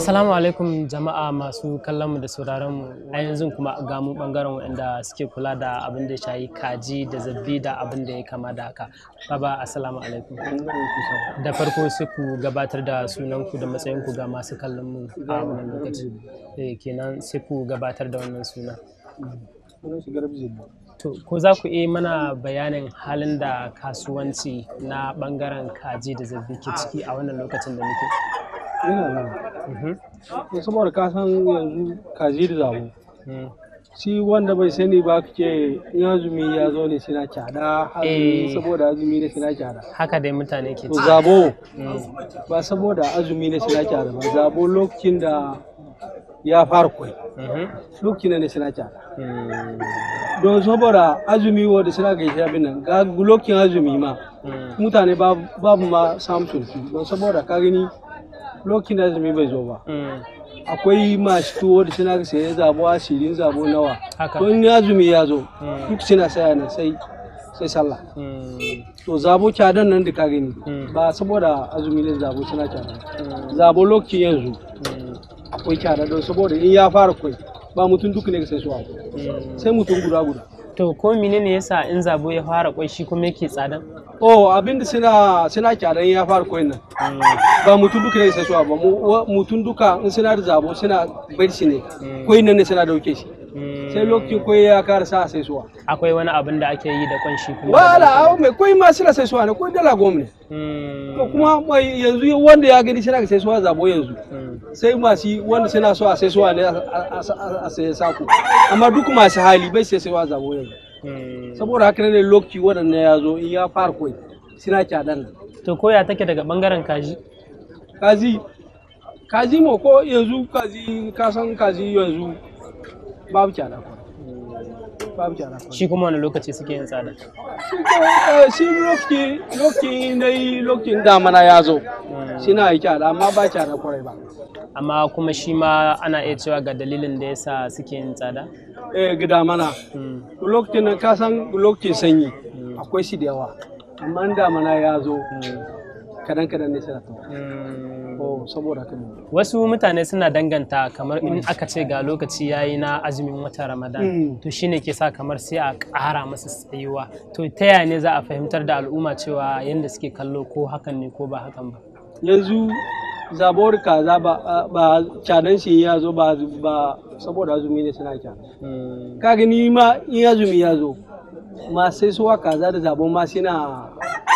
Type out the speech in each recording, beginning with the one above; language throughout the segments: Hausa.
Assalamu alaikum jama'a masu kallon mu da mu a yanzu kuma ga mu bangaren waɗanda suke kula da abin da ya shayi kaji da zabbi da abin da ya kama da haka. Baba assalamu alaikum. Da farko sai ku gabatar da sunanku da matsayinku ga masu kallon mu a wannan lokaci. Eh, kenan sai ku gabatar da wannan suna. To ko za ku iya mana bayanin halin da kasuwanci na bangaren kaji da zabbi ke ciki a wannan lokacin da muke. yana nan mhm. saboda ka san yanzu zamu hmm. shi wanda bai sani ba kake in azumi ya zo ne suna kyada eh. saboda azumi ne suna kyada haka dai mutane ke ci zabo hmm. ba saboda azumi ne suna kyada ba zabo lokacin da ya fara kwai mhm. lokacin ne suna kyada hmm. don saboda azumi wanda suna shi abin nan ga lokacin azumi ma mutane babu ma samun sulki don saboda ka gani lokacin da azumi bai zo ba mm. akwai masu tuwo da suna sai zabo asirin zabo nawa to in azumi ya zo mm. duk suna saya nan sai sai sallah mm. to zabo cadan nan da ka gani ba saboda azumi ne zabo suna cadan zabo lokacin yanzu akwai cada don saboda in ya fara kwai ba mutum duk ne sai su sai mutum guda guda to ko menene yasa in zabo ya fara kwai shi kuma yake tsada oh da suna suna kyaran ya fara kwai nan ba mutum duka ne sai ba mutum duka in suna da zabo suna bar shi ne mm. kwai nan ne suna dauke shi sai lokaci kwai ya kara sa sai suwa akwai wani abin da ake yi da kwanshi kuma wala au mai kwai ma sila sai suwa ne koi dala gom ne hmm. to kuma yanzu wanda ya gani sila sai suwa zabo yanzu hmm. sai masu wanda suna so a sai suwa ne a sai sako amma duk masu hali bai sai suwa zabo yanzu hmm. saboda haka ne lokaci wanda ya zo in ya fara koi suna kyadan to koya take daga bangaren kaji kaji kaji mo ko yanzu kaji kasan kaji yanzu babu kyana babu kyana shi kuma wani lokaci suke yin tsada eh, shi lokaci lokaci dai lokacin damana ya zo hmm. shi na yi kyana amma ba kyana kwarai ba amma kuma shi ma ana iya cewa ga dalilin da yasa suke yin tsada eh ga damana hmm. lokacin nan ka san lokacin sanyi hmm. akwai shi da yawa amma damana ya zo kadan kadan ne suna sai hmm. saboda haka ne wasu mutane suna danganta kamar in aka ce ga lokaci yayi na azumin watan Ramadan hmm. to shine ke sa kamar sai a ƙara masa tsayuwa to ta yaya ne za a fahimtar da al'umma cewa yanda suke kallo ko hakan ne ko ba hakan ba yanzu zabuwar kaza ba canan shi ya zo ba saboda azumi ne suna kya hmm. ka gani ma in azumi ya zo ma sai suwa kaza da zabon ma suna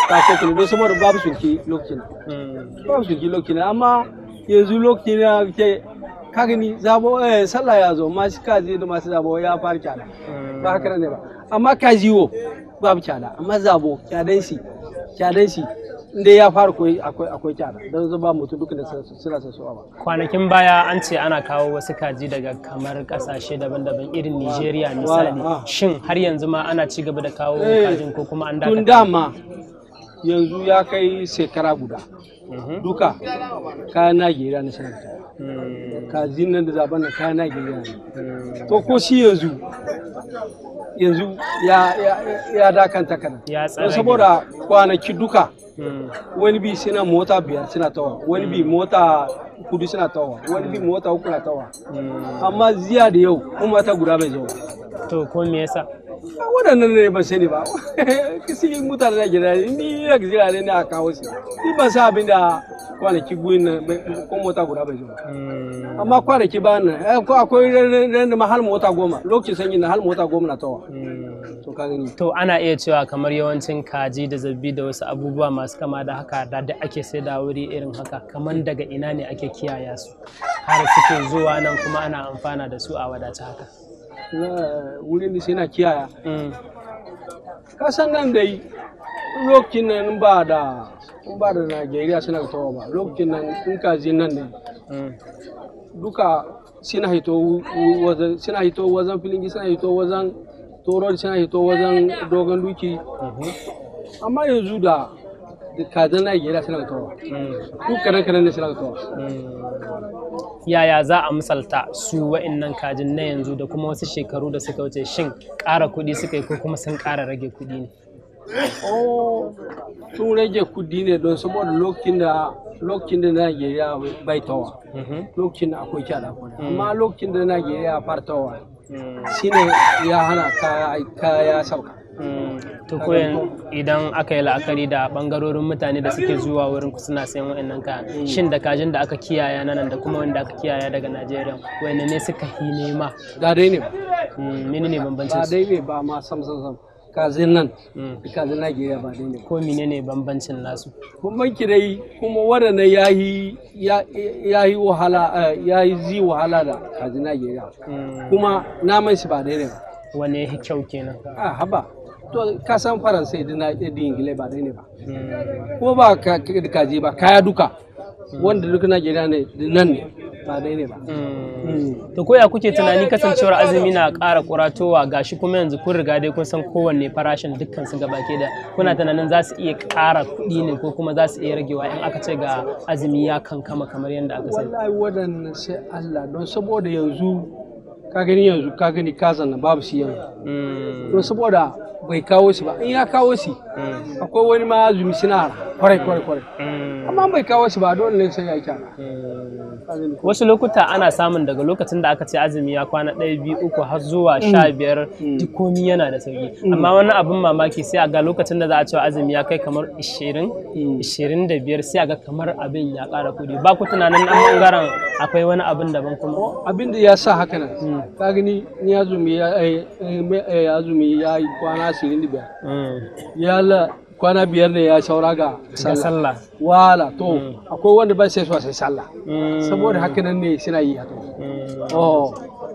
kasuwa kenan don saboda babu sulki na babu sulki na amma yanzu lokaci na ke ka gani zabo eh sallah ya zo masu kaji da masu zabo ya fara kyala ba haka ne ba amma kajiwo babu kyala amma zabo kyadan shi kyadan shi inda ya fara koyi akwai akwai kyara don zuba mutu duka da suna son ba kwanakin baya an ce ana kawo wasu kaji daga kamar kasashe daban-daban irin Nigeria misali shin har yanzu ma ana ci gaba da kawo eh, kajin ko kuma an dakata tun dama yanzu ya kai shekara guda mhm. duka kayan nageriya na shirin hmm. ka nan da zaben na kayan nageriya ne hmm. to ko shi yanzu yanzu ya dakanta kana saboda kwanaki duka hmm. wani bi suna mota biyar suna tawa wani bi mota kudu suna tawa wani bi mota uku na tawa amma ziya da yau kuma ta guda bai zo to ko me yasa waɗannan ne ban sani ba kisi mutane na gida ni na gida ne a kawo su ni ban sa abin da kwanaki guin nan ko mota guda bai zuwa hmm. amma kwanaki ba nan eh, akwai ran ma hal mota goma lokacin sanyi na hal mota goma na tawa hmm. to ka gani to ana iya cewa kamar yawancin kaji da zabbi da wasu abubuwa masu kama da haka da da ake sai da wuri irin haka kamar daga ina ne ake kiyaya su har suke zuwa nan kuma ana amfana da su a wadace haka wurin da sai na kiyaya kasan nan dai lokacin nan ba da ba da Najeriya suna fitowa ba lokacin nan in ka je nan ne duka suna hito wajen suna hito wajen filingi suna hito wajen toro suna hito wajen dogon duki mhm. amma yanzu da kazan na da suna kawo ko karan karan ne suna kawo hmm. yaya za a misalta su wa'innan kajin na yanzu da kuma wasu shekaru da suka wuce shin ƙara kuɗi suka yi ko kuma sun ƙara rage kuɗi ne oh, sun rage kuɗi ne don saboda lokacin da lokacin da Najeriya bai tawa mhm. lokacin da akwai kyada kuɗi amma hmm. lokacin da Najeriya fara tawa hmm. shine ya hana kaya sauka tukuyin idan aka yi la'akari da bangarorin mutane da suke zuwa wurin suna sayan wa'annan kayan shin da kajin da aka kiyaya nan da kuma wanda aka kiyaya daga najeriya wani ne suka yi nema da dai ne ba. Hmm, ne bambancin su da dai ne ba ma sam sam sam kazin nan hmm. kazin najeriya ba dai ne ko mine ne bambancin nasu bambanci dai kuma waɗanda ya yi ya wahala eh, ya zi wahala da kazin najeriya hmm. kuma naman shi ba dai ne ba yi kyau kenan a ah, haba to ka san na da ingila ba dai ne ba hmm. ko ba ka je ba kaya duka wanda duk na gida ne nan ne ba dai ne ba hmm. Hmm. to koya kuke tunani kasancewar azumi na ƙara kuratowa gashi kuma yanzu kun riga dai kun san kowanne farashin dukkan su gabake da kuna tunanin za su iya ƙara kuɗi ne ko kuma za su iya ragewa in aka ce ga azumi ya kankama kamar yadda aka sani wallahi wadannan sai Allah don saboda yanzu ka gani yanzu ka gani ka zanna babu shi yanzu to hmm. saboda bai kawo shi ba in ya kawo shi hmm. akwai wani ma azumi suna kwarai kwarai kwarai hmm. ma bai kawo shi ba dole ne sai ya kyara wasu lokuta ana samun daga lokacin da aka ce azumi ya kwana ɗaya biyu uku har zuwa mm. sha biyar mm. duk komi yana da sauki mm. amma wani abin mamaki sai a ga lokacin da za a ce azumi ya kai kamar ishirin ishirin da biyar sai a ga kamar abin ya ƙara kuɗi ba ku tunanin an ɓangaren akwai wani abin daban kuma abin da ya sa haka nan ka gani ni azumi ya eh, eh, eh, azumi ya kwana ashirin da biyar ya kwana biyar ne ya saura ga sallah wala to hmm. akwai wanda ba sai sai sallah hmm. saboda haka nan ne suna yi haka hmm. oh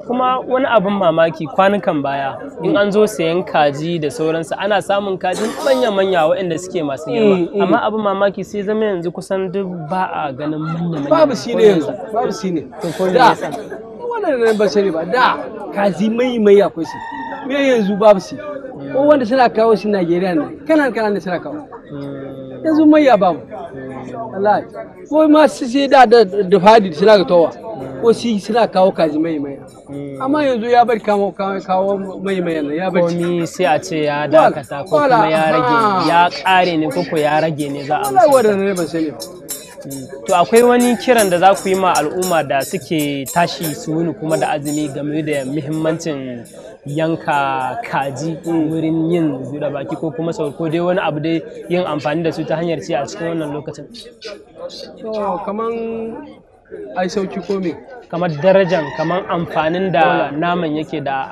kuma wani abin mamaki kwanukan baya in an zo sayan kaji da sauransu ana samun kajin manya-manya waɗanda suke masu girma amma abin mamaki sai zama yanzu kusan duk ba a ganin manya-manya babu shi ne yanzu babu shi ne da wannan ba sani ba da kaji mai mai akwai shi me yanzu babu shi ko wanda suna kawo shi Najeriya ne kanan kanan ne suna kawo yanzu mai ya bamu Allah ko ma su sai da da fadi suna ga towa ko shi suna kawo kaji mai mai amma yanzu ya bar kawo kawo mai mai ne ya bar komi sai a ce ya dakata ko kuma ya rage ya kare ne ko ya rage ne za a amsa wallahi ne ban sani ba To akwai wani kiran da za ku yi ma al'umma da suke tashi su wuni kuma da azumi game da muhimmancin yanka kaji wurin yin zura baki ko kuma saur ko dai wani abu dai yin amfani da su ta hanyar ci a cikin wannan lokacin to kaman ai sauki ko me kamar darajan kamar amfanin da naman yake da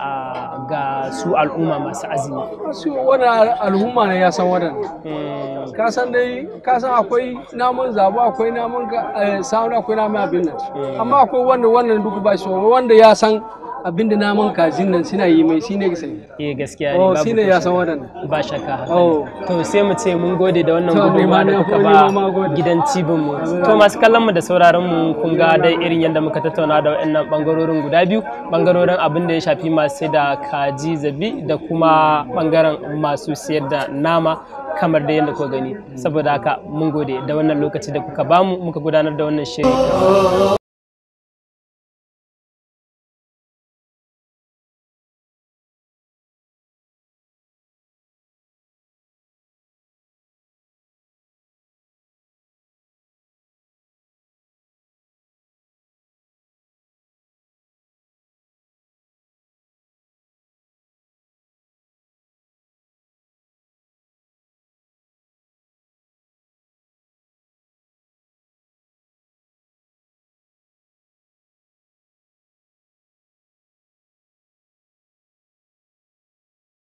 ga su al'umma masu azumi su wani al'umma ne ya san wannan hmm. ka san dai ka san akwai namun zabo akwai namun eh, sa'un akwai namun abin nan hmm. amma akwai wanda wannan duk ba shi wanda ya san abinda naman kajin nan suna yi mai shine ga sai eh gaskiya ne oh, babu shine ya san wadannan ba shakka oh. to sai mu ce mun gode da wannan gudunmawa da kuka ba gidan cibin mu to masu kallon mu da sauraron mu kun ga dai irin yadda muka tattauna da waɗannan bangarorin guda biyu bangarorin abin da ya shafi masu da kaji zabi da kuma bangaren masu sayar da nama kamar da yadda ku gani saboda haka mun gode da wannan lokaci da kuka bamu muka gudanar da wannan shirin.